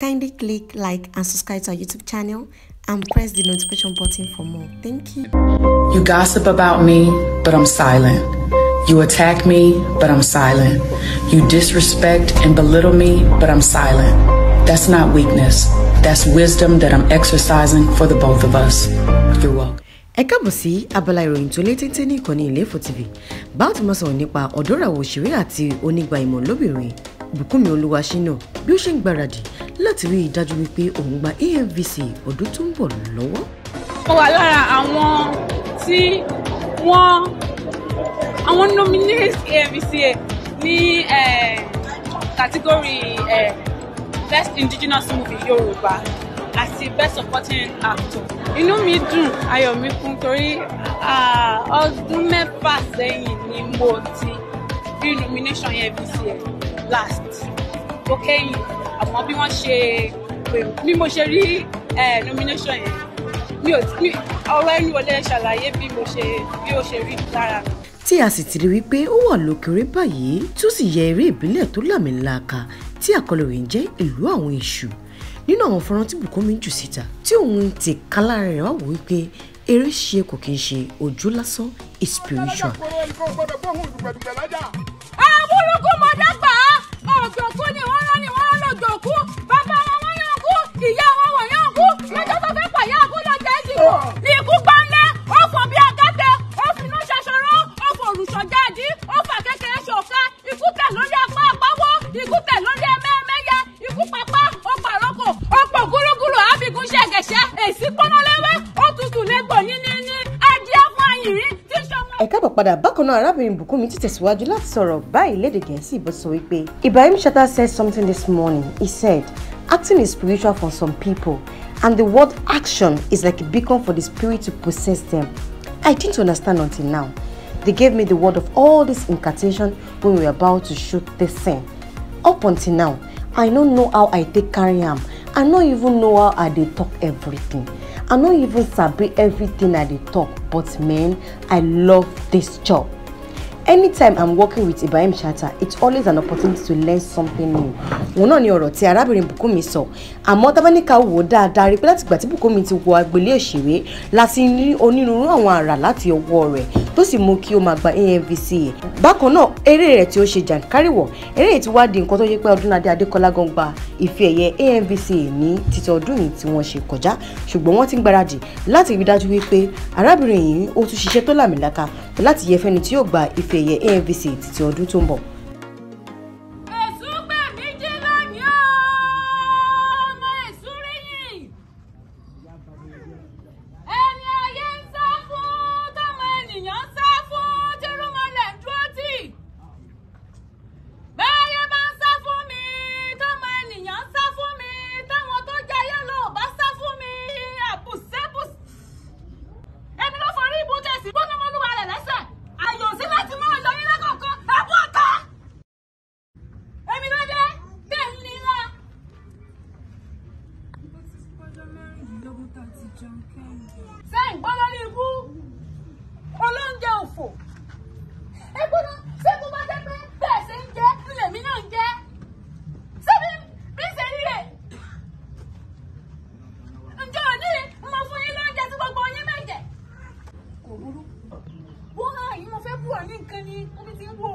Kindly click like and subscribe to our YouTube channel and press the notification button for more. Thank you. You gossip about me, but I'm silent. You attack me, but I'm silent. You disrespect and belittle me, but I'm silent. That's not weakness. That's wisdom that I'm exercising for the both of us. You're welcome. ẹ káàbọ̀ sí abala ìròyìn tó létí tí ní ìkànnì Ilefo TV báwo ti máa sọ̀rọ̀ nípa ọ̀dọ́ràwọ̀ òṣèré àti onígbà ìmọ̀ lóbìnrin Bùkúnmi Olúwaṣínà bí ó ṣe ń gbáradì láti rí i dájú wípé òun gba AMVC ọdún tó ń bọ̀ lọ́wọ́. mo wà lára àwọn tí wọ́n àwọn nominate AMVC ní category best indigenous movie Yorùbá àti best supporting actor inú mi dùn ayọ̀ mi kún torí ọdún mẹ́fà sẹ́yìn ni mo ti rí nomination AMVC last tó kẹ́yìn àmọ́ bí wọ́n ṣe bí mo ṣe rí nomination yẹn mi ò tí ọwọ́ ẹnu wọlé ṣàlàyé bí mo ṣe bí ó ṣe rí lára mi tí a sì ti rí wípé ó wà lókèrè báyìí tó sì yẹ eré ìbílẹ̀ tó làmìlàaka tí àkọlù rẹ̀ ń jẹ́ ìlú àwọn èṣù nínú àwọn fọ́nrán tí Bùkúnmi jù síta tí òun ti ká lára rẹ̀ wá wò wípé eré ṣe kò kí ń ṣe ojú lásán is padà bákan náà arábìnrin Bùkúnmi ti tẹ̀síwájú láti sọ̀rọ̀ báyìí lédè gẹ̀ẹ́sì bó sọ wípé Ibrahim Shatta said something this morning he said acting is spiritual for some people and the word action is like a beacon for the spirit to possess them I didn't understand until now they gave me the word of all this incantation when we were about to shoot this thing up until now I no know how I take carry am I no even know how I dey talk everything I no even sabi everything I dey talk but man I love this job. Anytime I'm working with Ibrahim Shatta, it's always an opportunity to learn something new. Òun náà ni ọ̀rọ̀ tí arábìnrin Bùkúnmi sọ. Àmọ́ tábánikà wò dáadáa rí pé láti ìgbà tí Bùkúnmi ti wọ agboolé òṣèré láti ní onírúurú àwọn àrà láti ọwọ́ rẹ̀ tó sì mú kí ó máa gba AMVCA bákan náà eré rẹ̀ tí ó ṣe jàǹkárìwọ̀ eré yìí ti wá di nǹkan tó yẹ pé Ọdúnladé Adékọlá gan gba ife ẹ̀yẹ AMVCA ní títí ọdún yìí tí wọ́n ṣe kọjá ṣùgbọ́n wọ́n ti ń gbáradì láti rí dájú wípé arábìnrin yìí ó tún ṣiṣẹ́ tó làmìlaka láti yẹ fẹ́ni tí yóò gba ife ẹ̀yẹ AMVCA títí ọdún tó ń bọ̀ sẹ́yìn gbọ́ lórí ikú olóúnjẹ òfò ẹ gbọ́dọ̀ ṣé kó bá jẹ́ pé bẹ́ẹ̀ ṣe ń jẹ́ nílẹ̀ mi náà ń jẹ́ ṣé bí bí ṣe rí rè ǹjẹ́ òní mo fún yín lóúnjẹ tí gbogbo yín mẹ́jẹ̀ kò burú wọ́n náà yìí mo fẹ́ bú ọ ní nǹkan ni omi ti ń wò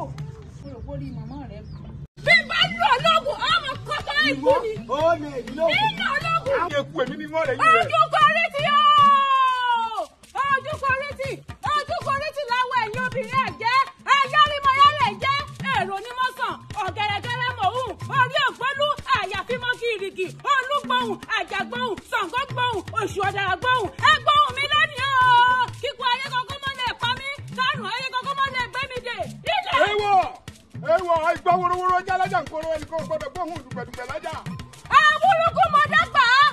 mo rò pé rí màmá rẹ kù. bí bá lù ọ lóògùn ọmọ kọ́tọ́ ìbú mi nínú olóògùn àdúgbò rẹ. àjà gbóhùn Ṣàngó gbóhùn Ọ̀ṣun ọ̀dàrà gbóhùn ẹ gbóhùn mi lẹ́nu o kíkọ ayé kọ́kọ́ mọ́ lè pa mí kárùn ayé kọ́kọ́ mọ́ lè gbé mi dè nílẹ̀. ewọ ewọ ìgbà worowóró ajá lájà ń kóró ẹnì kan gbọ́dọ̀ gbóhùn dùgbẹdùgbẹ lájà. àwùrúkú mọ̀dá gbà á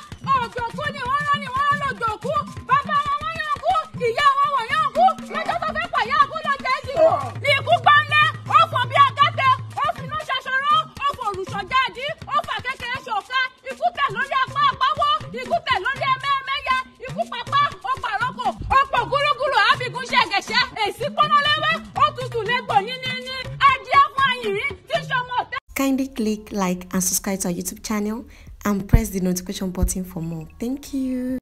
ni wọ́n rán ni wọ́n rán lọ́jọ̀kú bàbá wọn yàn kú ìyá wọn Kindly click like and subscribe to our YouTube channel and press the notification button for more. Thank you.